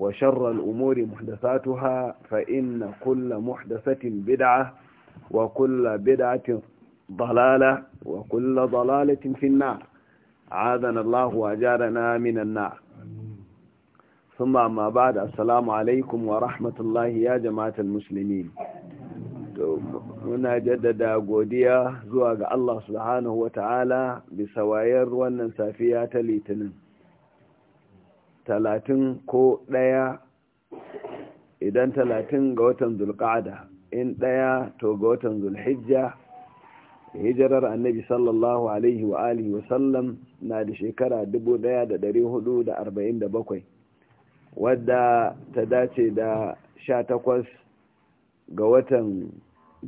وشر الأمور محدثاتها فإن كل محدثة بدعة وكل بدعة ضلالة وكل ضلالة في النار عاذنا الله وأجارنا من النار ثم ما بعد السلام عليكم ورحمة الله يا جماعة المسلمين muna jaddada godiya zuwa ga Allah subhanahu wa ta'ala bisa wayar wannan safiya ta litinin talatin ko ɗaya idan talatin ga watan zulƙa'ada in ɗaya to ga watan zulhijja hijirar annabi sallallahu alaihi wa alihi wasallam na da shekara bakwai wadda ta dace da sha 18 ga watan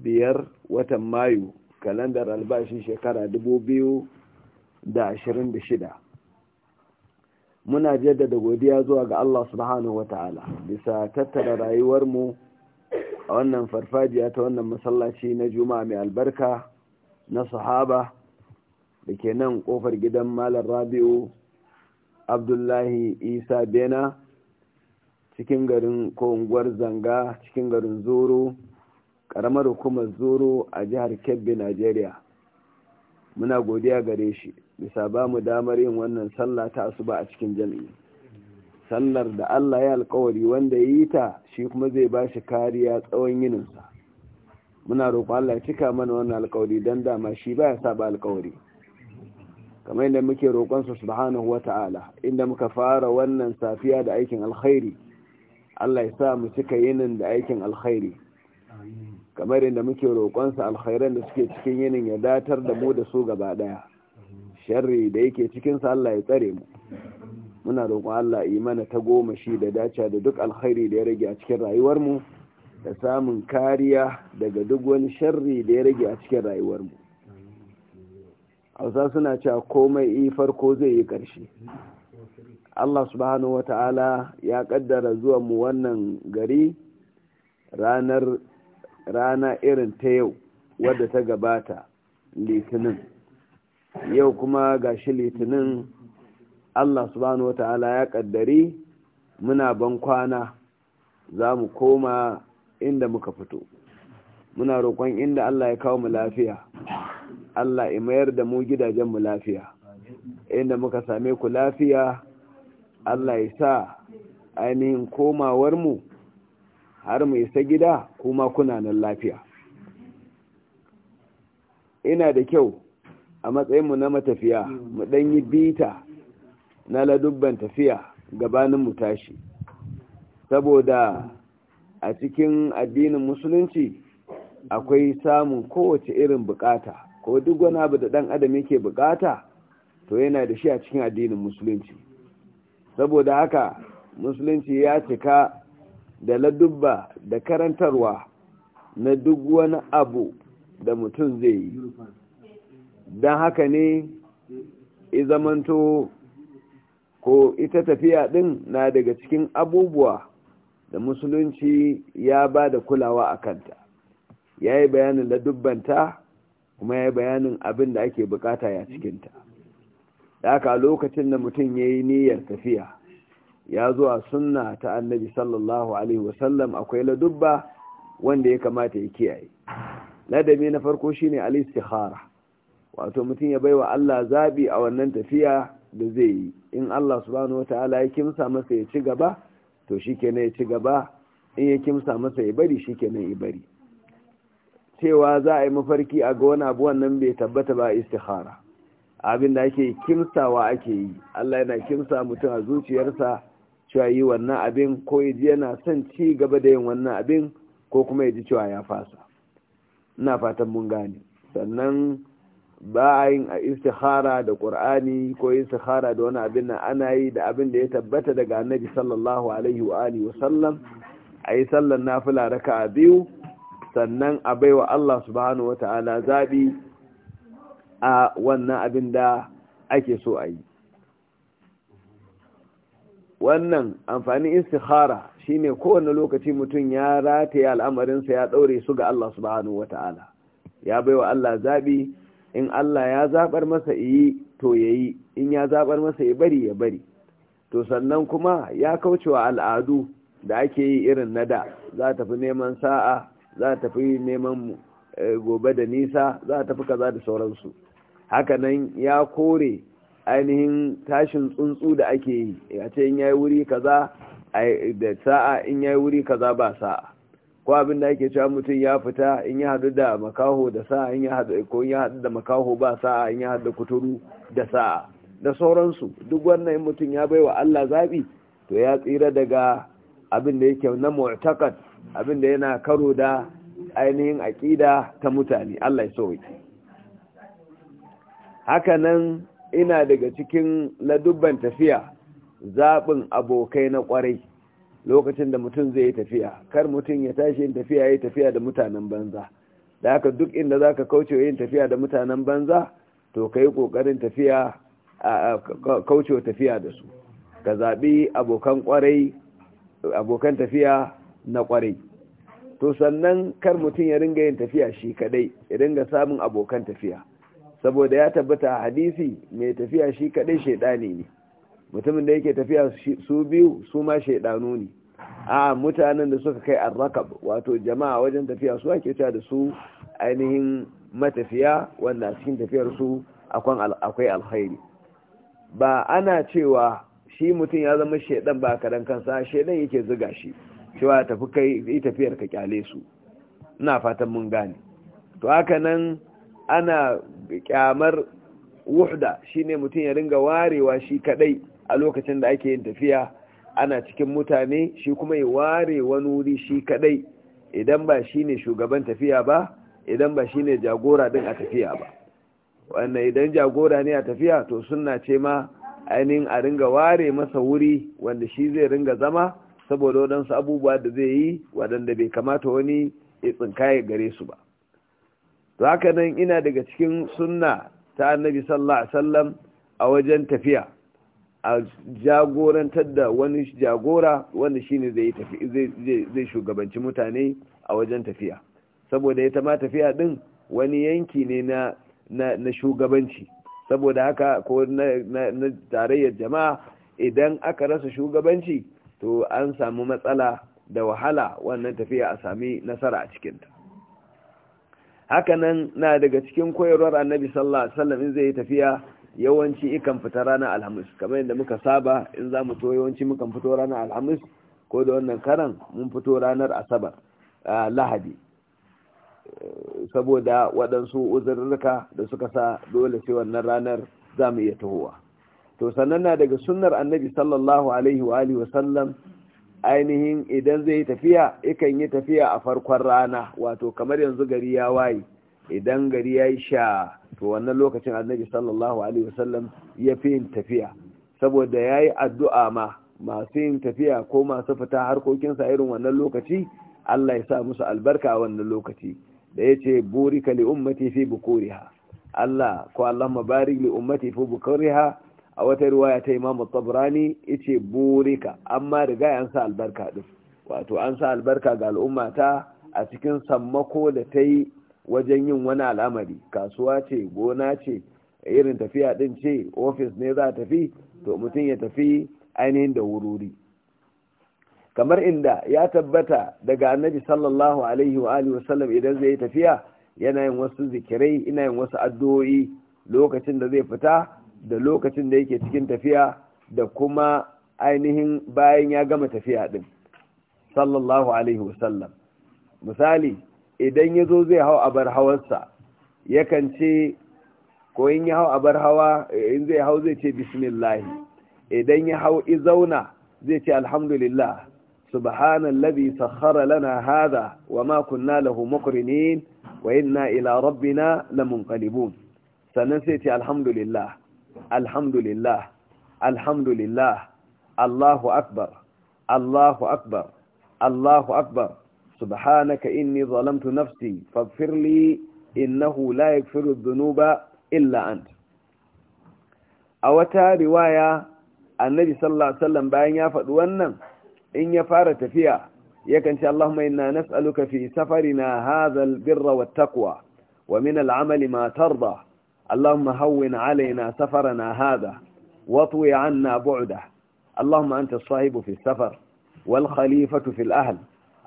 biyar watan mayu kalandar albashin shekara da shida. muna jaddada godiya zuwa ga Allah subhanahu wata'ala bisa tattara rayuwarmu a wannan farfajiya ta wannan masallaci na juma'a mai albarka na sahaba da ke nan kofar gidan malam rabi'u abdullahi isa bena cikin garin unguwar zanga cikin garin zuru karamar hukumar zuru a jihar kebbi nigeria muna godiya gare shi bisa ba mu damar yin wannan sallah ta asuba a cikin jami'i sallar da Allah ya alkawari wanda ya yi ta shi kuma zai ba shi kariya tsawon yininsa muna roƙon Allah ya cika mana wannan alkawari don dama shi ba ya saba alkawari kamar inda muke roƙonsa subhanahu wa ta'ala inda muka fara wannan safiya da aikin alkhairi Allah ya sa mu cika yinin da aikin alkhairi kamar inda muke roƙonsa alkhairan da suke cikin yinin ya datar da mu da su gaba ɗaya sharri da yake cikin sa Allah ya tsare mu muna roƙon Allah imana ta goma shi da dace da duk alkhairi da ya rage a cikin rayuwar mu da samun kariya daga duk wani sharri da ya rage a cikin rayuwar mu hausa suna cewa komai yi farko zai yi ƙarshe Allah subhanahu wata'ala ya kaddara zuwa mu wannan gari ranar rana irin ta yau wadda ta gabata litinin yau kuma ga shi litinin Allah subhanahu wa ta'ala ya ƙaddari muna ban kwana za mu koma inda muka fito muna roƙon inda Allah ya kawo mu lafiya Allah ya mayar da mu gidajen mu lafiya inda muka same ku lafiya Allah ya sa ainihin komawar mu har mu isa gida kuma kuna nan lafiya ina da kyau a matsayinmu na matafiya mu ɗan yi bita na ladubban tafiya gabanin mu tashi saboda a cikin addinin musulunci akwai samun kowace irin bukata ko duk wani abu da ɗan adam yake bukata to yana da shi a cikin addinin musulunci saboda haka musulunci ya cika da ladubba da karantarwa na duk wani abu da mutum zai yi don haka ne izamanto ko ita tafiya ɗin na daga cikin abubuwa da musulunci ya ba da kulawa a kanta ya yi bayanin ladubbanta kuma ya yi bayanin abin da ake bukata ya cikinta da haka lokacin da mutum ya yi niyyar tafiya ya zuwa sunna ta annabi sallallahu alaihi wasallam akwai ladubba wanda ya kamata ya kiyaye ladabi na farko shine al-istikhara wato mutum ya baiwa Allah zabi a wannan tafiya da zai yi in Allah subhanahu wataala ya kimsa masa ya ci gaba to shikenan ya ci gaba in ya kimsa masa ya bari shikenan ya bari cewa za a yi mafarki a ga wani abu wannan bai tabbata ba istikhara abin da ake kimsawa ake yi Allah yana kimsa mutum a zuciyarsa cewa yi wannan abin ko yaji yana son ci gaba da yin wannan abin ko kuma ya ji cewa ya fasa ina fatan mun gane sannan ba a yin a istihara da ƙur'ani ko istikhara da wani abin nan ana yi da abin da ya tabbata daga annabi sallallahu alaihi wa alihi wasallam a yi sallan nafila raka a biyu sannan a baiwa Allah subhanahu wa ta'ala zaɓi a wannan abin da ake so a yi wannan amfanin istihara shine kowane lokaci mutum ya rataye al'amarinsa ya ɗaure su ga Allah subhanahu wa ta'ala ya baiwa Allah zaɓi in Allah ya zaɓar masa yi to yayi in ya zaɓar masa ya bari ya bari to sannan kuma ya kaucewa al'adu da ake yi irin na da za tafi neman sa'a za tafi neman eh, gobe da nisa za tafi kaza da sauransu hakanan ya kore ainihin tashin tsuntsu da ake yi a ce in yayi wuri kaza da sa'a in yayi wuri kaza ba sa'a ko abin da ake cewa mutum ya fita in ya hadu da makaho da sa'a in ya hadu ko in ya hadu da makaho ba sa'a in ya hadu da kuturu da sa'a da sauransu duk wannan mutum ya baiwa Allah zabi to ya tsira daga abin da yake na mu'taqad abin da yana karo da ainihin aqida ta mutane Allah ya sauke haka nan ina daga cikin ladubban tafiya zabin abokai na ƙwarai lokacin da mutum zai yi tafiya kar mutum ya tashi yin tafiya ya tafiya da mutanen banza da haka duk inda za ka kauce yin tafiya da mutanen banza to ka yi ƙoƙarin tafiya kaucewa tafiya da su ka zaɓi abokan ƙwarai abokan tafiya na ƙwarai to sannan kar mutum ya ringa yin tafiya shi kadai ya ringa samun abokan tafiya saboda ya tabbata a hadisi mai tafiya shi kadai shaidani ne mutumin da yake tafiya su biyu su ma shaidanu ne a mutanen da suka kai arrakab wato jama'a wajen tafiya su ake cewa da su ainihin matafiya wanda a cikin tafiyar su akwai alkhairi ba ana cewa shi mutum ya zama shaidan ba kadan kansa shaidan yake zuga shi cewa tafi kai yi tafiyar ka kyale su ina fatan mun gane to haka nan ana kyamar wuhda shine mutum ya ringa warewa shi kadai a lokacin da ake yin tafiya ana cikin mutane shi kuma ya ware wani wuri shi kadai idan ba shi ne shugaban tafiya ba idan ba shi ne jagora din a tafiya ba wannan idan jagora ne a tafiya to sunna ce ma ainihin a ringa ware masa wuri wanda shi zai ringa zama saboda waɗansu abubuwa da zai yi waɗanda bai kamata wani ya tsinkaye gare su ba to haka nan ina daga cikin sunna ta annabi sallallahu alaihi wasallam a wajen tafiya a jagorantar da wani jagora wanda shi zai zai shugabanci mutane a wajen tafiya saboda ita ma tafiya din wani yanki ne na shugabanci saboda haka ko na tarayyar jama'a idan aka rasa shugabanci to an samu matsala da wahala wannan tafiya a sami nasara a cikinta hakanan na daga cikin koyarwar annabi sallallahu alaihi wasallam in zai tafiya yawanci ikan fita ranar alhamis kamar yadda muka saba in za mu to yawanci mukan fito ranar alhamis ko da wannan karan mun fito ranar asabar lahadi saboda waɗansu uzurruka da suka sa dole sai wannan ranar za mu iya tahowa to sannan na daga sunnar annabi sallallahu alaihi wa alihi wasallam ainihin idan zai yi tafiya ikan yi tafiya a farkon rana wato kamar yanzu gari ya waye idan gari ya yi sha to wannan lokacin annabi sallallahu alaihi wasallam ya fi yin tafiya saboda ya yi addu'a ma masu yin tafiya ko masu fita harkokinsa irin wannan lokaci Allah ya sa musu albarka a wannan lokaci da ya ce burika li ummati fi bukuriha Allah ko Allah mabarik li ummati fi bukuriha a wata riwaya ta Imam Tabrani yace burika amma riga an sa albarka din wato an sa albarka ga al'umma ta a cikin sammako da ta yi wajen yin wani al'amari kasuwa ce gona ce irin tafiya din ce ofis ne za tafi to mutum ya tafi ainihin da wururi kamar inda ya tabbata daga annabi sallallahu alaihi wa alihi wasallam idan zai tafiya yana yin wasu zikirai ina yin wasu addu'o'i lokacin da zai fita da lokacin da yake cikin tafiya da kuma ainihin bayan ya gama tafiya din sallallahu alaihi wasallam misali idan ya zo zai hau abar hawarsa yakan ce ko in ya hau abar hawa in zai hau zai ce bismillahi idan ya hau izauna zai ce alhamdulillah subhanallazi sakhara lana hadha wama kunna lahu muqrinin wa inna ila rabbina lamunqalibun sannan sai ce alhamdulillah alhamdulillah alhamdulillah Allahu akbar Allahu akbar Allahu akbar سبحانك إني ظلمت نفسي فاغفر لي إنه لا يغفر الذنوب إلا أنت أوتا رواية النبي صلى الله عليه وسلم بأن يافد ونم إن يفارت فيها يكن شاء اللهم إنا نسألك في سفرنا هذا البر والتقوى ومن العمل ما ترضى اللهم هون علينا سفرنا هذا واطوي عنا بعده اللهم أنت الصاحب في السفر والخليفة في الأهل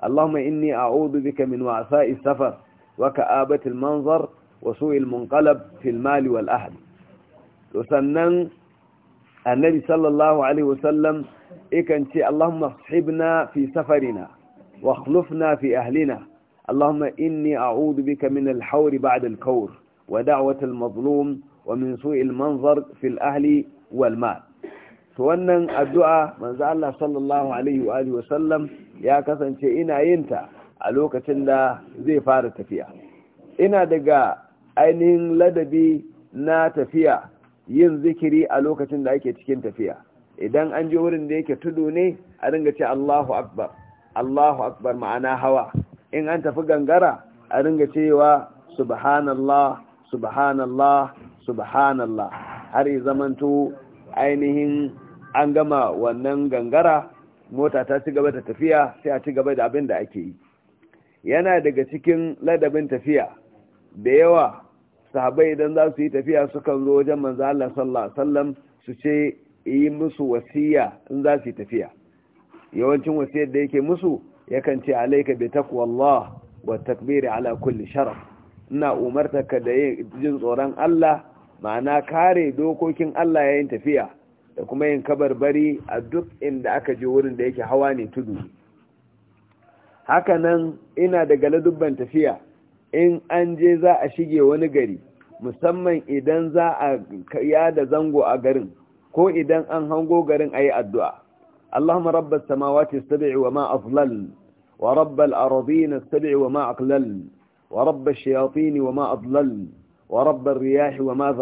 اللهم إني أعوذ بك من وعثاء السفر وكآبة المنظر وسوء المنقلب في المال والأهل وسنن النبي صلى الله عليه وسلم إكن شيء اللهم اصحبنا في سفرنا واخلفنا في أهلنا اللهم إني أعوذ بك من الحور بعد الكور ودعوة المظلوم ومن سوء المنظر في الأهل والمال to wannan addu'a manzo Allah sallallahu alaihi wa alihi ya kasance ina yinta a lokacin da zai fara tafiya ina daga ainihin ladabi na tafiya yin zikiri a lokacin da ake cikin tafiya idan an je wurin da yake tudu ne a ringa ce Allahu akbar Allahu akbar ma'ana hawa in an tafi gangara a ringa cewa subhanallah subhanallah subhanallah har zamanto ainihin an gama wannan gangara mota ta ci gaba da tafiya sai a ci gaba da abin da ake yi yana daga cikin ladabin tafiya da yawa sahabai idan za su yi tafiya sukan zo wajen manzo Allah sallallahu alaihi wasallam su ce yi musu wasiya in za su yi tafiya yawancin wasiyar da yake musu yakan ce alayka bi taqwallah wa takbiri ala kulli sharaf ina umartaka da jin tsoron Allah ma'ana kare dokokin Allah yayin tafiya da kuma yin kabarbari a duk inda aka je wurin da yake hawa ne tudu hakanan ina daga ladubban tafiya in an je za a shige wani gari musamman idan za a yada zango a garin ko idan an hango garin a yi addu'a Allahumma rabbar samawati sabi'i wa ma wa wa rabbal aradina sabi'i wa ma wa rabba shayatini wa ma wa rabba riyahi wa ma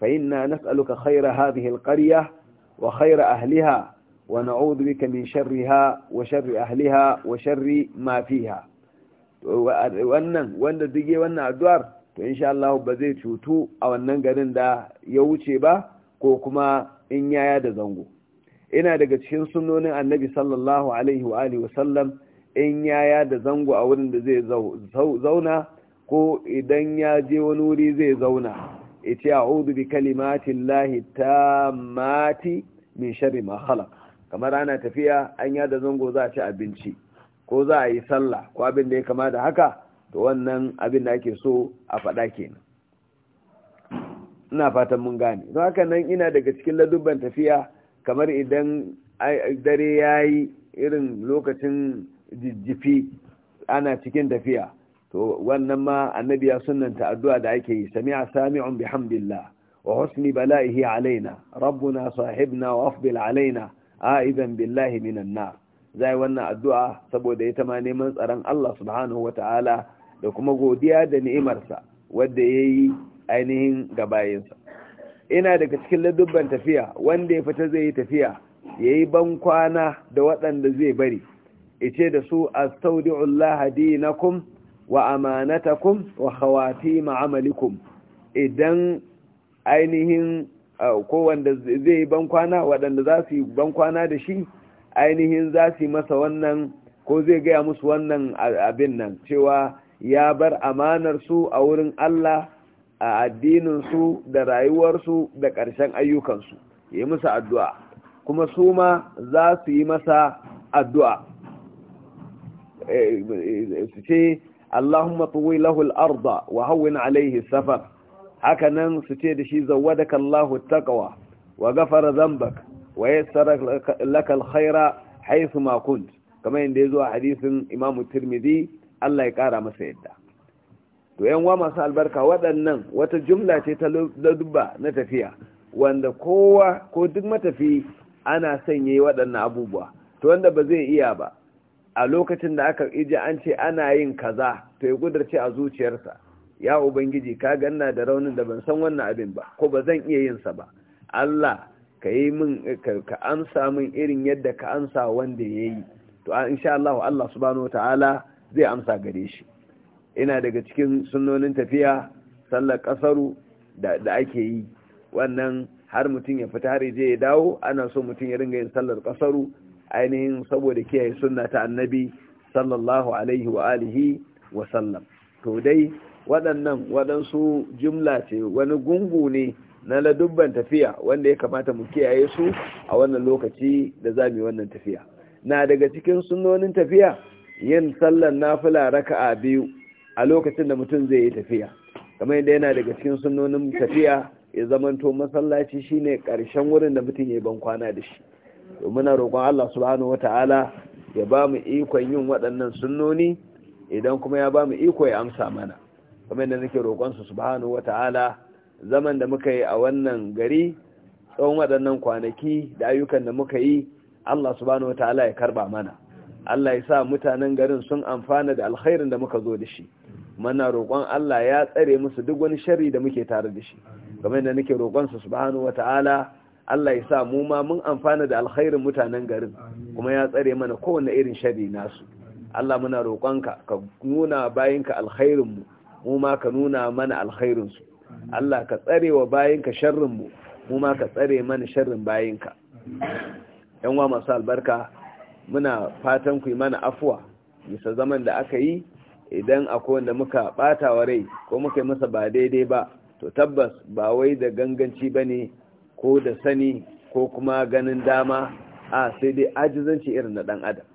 فإنا نسألك خير هذه القرية وخير أهلها ونعوذ بك من شرها وشر أهلها وشر ما فيها wannan wanda duke wannan addu'ar to insha Allah ba zai cutu a wannan garin da ya wuce ba ko kuma in yaya da zango ina daga cikin sunnonin annabi sallallahu alaihi wa wasallam in yaya da zango a wurin da zai zauna ko idan ya je wani wuri zai zauna yace a'udhu bi kalimati llahi tammati min sharri ma khalaq kamar ana tafiya an yada zango za a ci abinci ko za a yi sallah ko abin da ya kama da haka to wannan abin da ake so a faɗa kenan ina fatan mun gane don haka nan ina daga cikin ladubban tafiya kamar idan dare ya yi irin lokacin jijjifi ana cikin tafiya to wannan ma annabi ya sunanta addu'a da ake yi sami'a sami'un bihamdillah wa husni bala'ihi alaina rabbuna sahibna wa afdil alaina a'idan billahi minan nar zai wannan addu'a saboda ita ma neman tsaron Allah subhanahu wata'ala da kuma godiya da ni'imarsa wanda yayi ainihin gabayinsa ina daga cikin ladubban tafiya wanda ya fita zai yi tafiya yayi ban kwana da waɗanda zai bari ice da su astaudi'ullahi dinakum wa amanatakum wa khawatim amalikum idan ainihin ko wanda zai ban kwana waɗanda za su ban kwana da shi ainihin za su masa wannan ko zai gaya musu wannan abin nan cewa ya bar amanar su a wurin Allah a addininsu da rayuwarsu da ƙarshen ayyukansu yi musu addu'a kuma su ma za su yi masa addu'a eh, eh, su ce Allahumma tuwi lahul arda wa hawwin alaihi safar haka nan su ce da shi zawwadaka Allahu taqwa wa ghafara dhanbak wa yassara laka alkhaira haythu ma kunt kamar yadda yazo a hadisin Imam Tirmidhi Allah ya kara masa yadda to yan wa masu albarka waɗannan wata jumla ce ta dubba na tafiya wanda kowa ko duk matafi ana sanye waɗannan abubuwa to wanda ba zai iya ba a lokacin da aka ije an ce ana yin kaza to ya kudurce a zuciyarsa ya ubangiji ka ganna da raunin da ban san wannan abin ba ko ba zan iya yin sa ba Allah ka yi min ka amsa min irin yadda ka amsa wanda yayi to insha Allah Allah subhanahu wataala zai amsa gare shi ina daga cikin sunnonin tafiya sallar kasaru da da ake yi wannan har mutum ya fita har je ya dawo ana so mutum ya ringa yin sallar kasaru ainihin saboda kiyaye sunna ta annabi sallallahu alaihi wa alihi wa sallam to dai waɗannan waɗansu jumla ce wani gungu ne na ladubban tafiya wanda ya kamata mu kiyaye su a wannan lokaci da za mu wannan tafiya na daga cikin sunnonin tafiya yin sallan nafila raka'a biyu a lokacin da mutum zai yi tafiya kamar yadda yana daga cikin sunnonin tafiya ya zamanto masallaci shine karshen wurin da mutum ya ban kwana da shi muna roƙon Allah subhanahu wata'ala ya ba mu ikon yin waɗannan sunnoni idan kuma ya ba mu iko ya amsa mana kuma yadda nake roƙon su subhanahu wata'ala zaman da muka yi a wannan gari tsawon waɗannan kwanaki da ayyukan da muka yi Allah subhanahu wata'ala ya karba mana Allah ya sa mutanen garin sun amfana da alkhairin da muka zo da shi mana roƙon Allah ya tsare musu duk wani sharri da muke tare da shi kuma inda nake roƙon su subhanahu wata'ala Allah ya sa mu ma mun amfana da alkhairin mutanen garin kuma ya tsare mana kowane irin shari nasu Allah muna roƙonka ka nuna bayinka alkhairin mu mu ma ka nuna mana alkhairin su Allah ka tsare wa bayinka sharrin mu mu ma ka tsare mana sharrin bayinka yan wa masu albarka muna fatan ku yi mana afuwa bisa zaman da aka yi idan akwai wanda muka bata wa rai ko muka yi masa ba daidai ba to tabbas ba wai da ganganci ba ne ko da sani ko kuma ganin dama a sai dai ajizanci irin na ɗan adam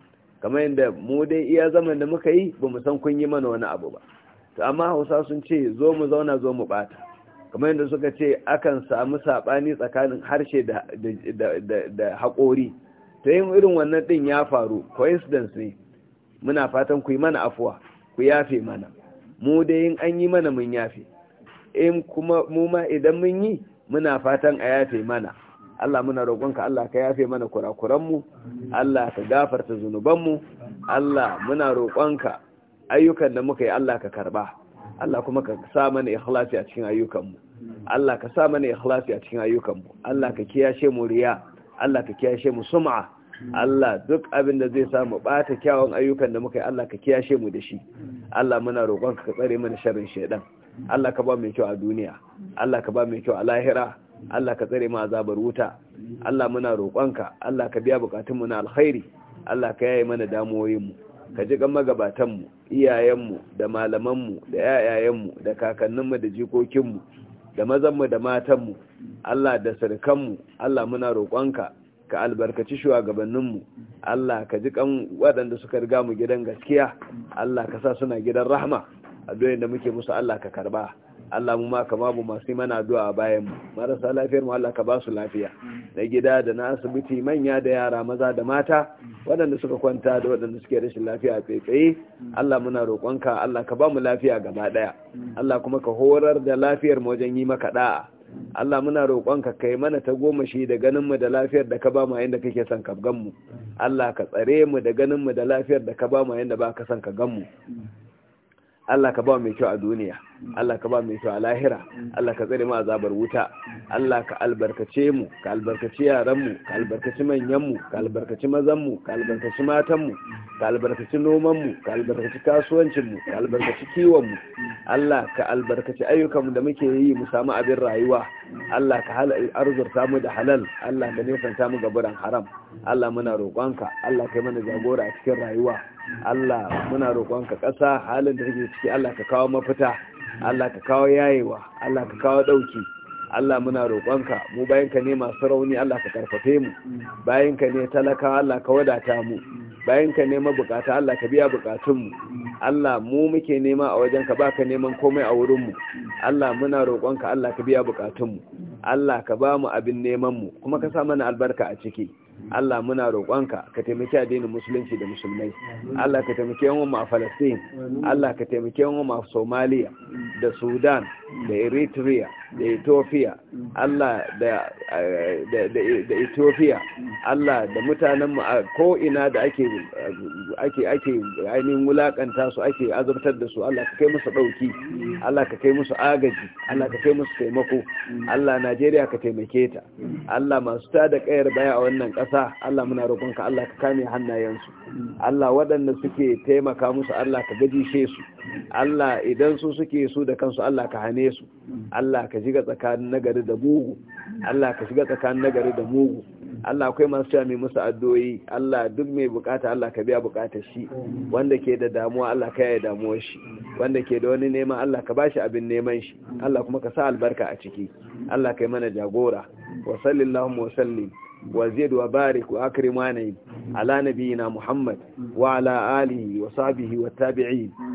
kamar yadda mu dai iya zaman da muka yi ba mu san kun yi mana wani abu ba to amma hausa sun ce zo mu zauna zo mu bata kamar yadda suka ce akan samu saɓani tsakanin harshe da da haƙori to yin irin wannan ɗin ya faru coincidence ne muna fatan ku yi mana afuwa ku yafe mana mu dai in an yi mana mun yafe in kuma mu ma idan mun yi muna fatan a yafe mana Allah muna roƙonka Allah ka yafe mana kurakuranmu Allah ka gafarta zunubanmu Allah muna roƙonka ayyukan da muka yi Allah ka karba Allah kuma ka sa mana ikhlasi a cikin ayyukanmu Allah ka sa mana ikhlasi a cikin ayyukanmu Allah ka kiyashe mu riya Allah ka kiyashe mu sum'a Allah duk abin da zai samu bata kyawun ayyukan da muka yi Allah ka kiyashe mu da shi Allah muna roƙonka ka tsare mana sharrin shaydan Allah ka ba mai kyau a duniya Allah ka ba mai kyau a lahira Allah ka tsare mu azabar wuta Allah muna roƙonka Allah ka biya bukatunmu na alkhairi Allah ka yaye mana damuwoyinmu ka ji gan magabatanmu iyayenmu da malamanmu da yayayenmu da kakanninmu da jikokinmu da mazanmu da matanmu Allah da sarkanmu Allah muna roƙonka ka albarkaci shugabanninmu Allah ka ji kan waɗanda suka riga mu gidan gaskiya Allah ka sa suna gidan rahma addu'ar da muke musu Allah ka karba Allah mu ma ka babu masu mana addu'a bayan mu marasa lafiyar mu Allah ka ba su lafiya na gida da na asibiti manya da yara maza da mata waɗanda suka kwanta da waɗanda suke rashin lafiya a tsaye Allah muna roƙonka Allah ka ba mu lafiya gaba ɗaya Allah kuma ka horar da lafiyar mu wajen yi maka da'a Allah muna roƙonka kai mana ta goma shi da ganinmu da lafiyar da ka ba mu yanda kake son ka mu. Allah ka tsare mu da ganinmu da lafiyar da ka ba mu yanda ba ka son ka gan mu. Allah ka ba mai kyau a duniya Allah ka ba mai kyau a lahira Allah ka tsare mu zabar wuta Allah ka albarkace mu ka albarkaci yaranmu, ka albarkaci manyanmu, ka albarkaci mazanmu, ka albarkaci matanmu, ka albarkaci nomanmu, ka albarkaci kasuwancinmu, ka albarkaci kiwonmu. Allah ka albarkaci ayyukanmu da muke yi mu samu abin rayuwa Allah ka halal arzurta mu da halal Allah ka nesanta mu gaburan haram Allah muna roƙonka Allah ka yi mana jagora a cikin rayuwa Allah muna roƙonka ƙasa halin da take ciki Allah ka kawo mafita Allah ka kawo yayewa Allah ka kawo ɗauki Allah muna roƙonka mu bayan ka ne masu rauni Allah ka karfafe mu bayan ka ne talakawa Allah ka wadata mu bayan ka ne mabukata Allah ka biya mu Allah mu muke nema a wajen ka baka neman komai a wurin mu. Allah muna roƙonka Allah ka biya mu Allah ka ba mu abin neman mu. kuma ka sa mana albarka a ciki Allah muna roƙonka ka taimaki addinin musulunci da musulmai Allah ka taimake yan a Falastin. Allah ka taimake yan a Somalia da Sudan da eritrea da ethiopia allah da ethiopia allah da mutanenmu a ko'ina da ake ainihin wulakanta su ake azabtar da su allah ka kai musu ɗauki allah ka kai musu agaji allah ka kai musu taimako allah najeriya ka taimake ta allah masu ta da kayar baya a wannan ƙasa allah muna roƙonka allah ka kame hannayensu allah waɗanda suke taimaka musu allah ka gajishe su Allah idan su suke su da kansu Allah ka hane su Allah ka shiga tsakanin nagari da mugu Allah ka shiga tsakanin nagari da mugu Allah akwai masu cewa mai musu addu'o'i Allah duk mai bukata Allah ka biya bukatar shi wanda ke da damuwa Allah ka yaya damuwar shi wanda ke da wani neman Allah ka bashi abin neman shi Allah kuma ka sa albarka a ciki Allah yi mana jagora wa sallallahu wa sallim wa zid wa barik wa akrimani ala nabiyina Muhammad wa ala alihi wa sahbihi wa tabi'in